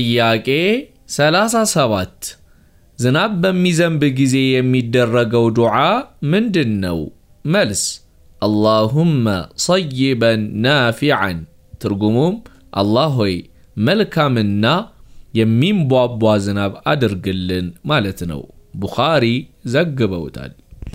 ጥያቄ 37 ዝናብ በሚዘንብ ጊዜ የሚደረገው ዱዓ ምንድን ነው? መልስ አላሁመ ሰይበን ናፊዐን። ትርጉሙም አላህ ሆይ መልካምና የሚንቧቧ ዝናብ አድርግልን ማለት ነው። ቡኻሪ ዘግበውታል።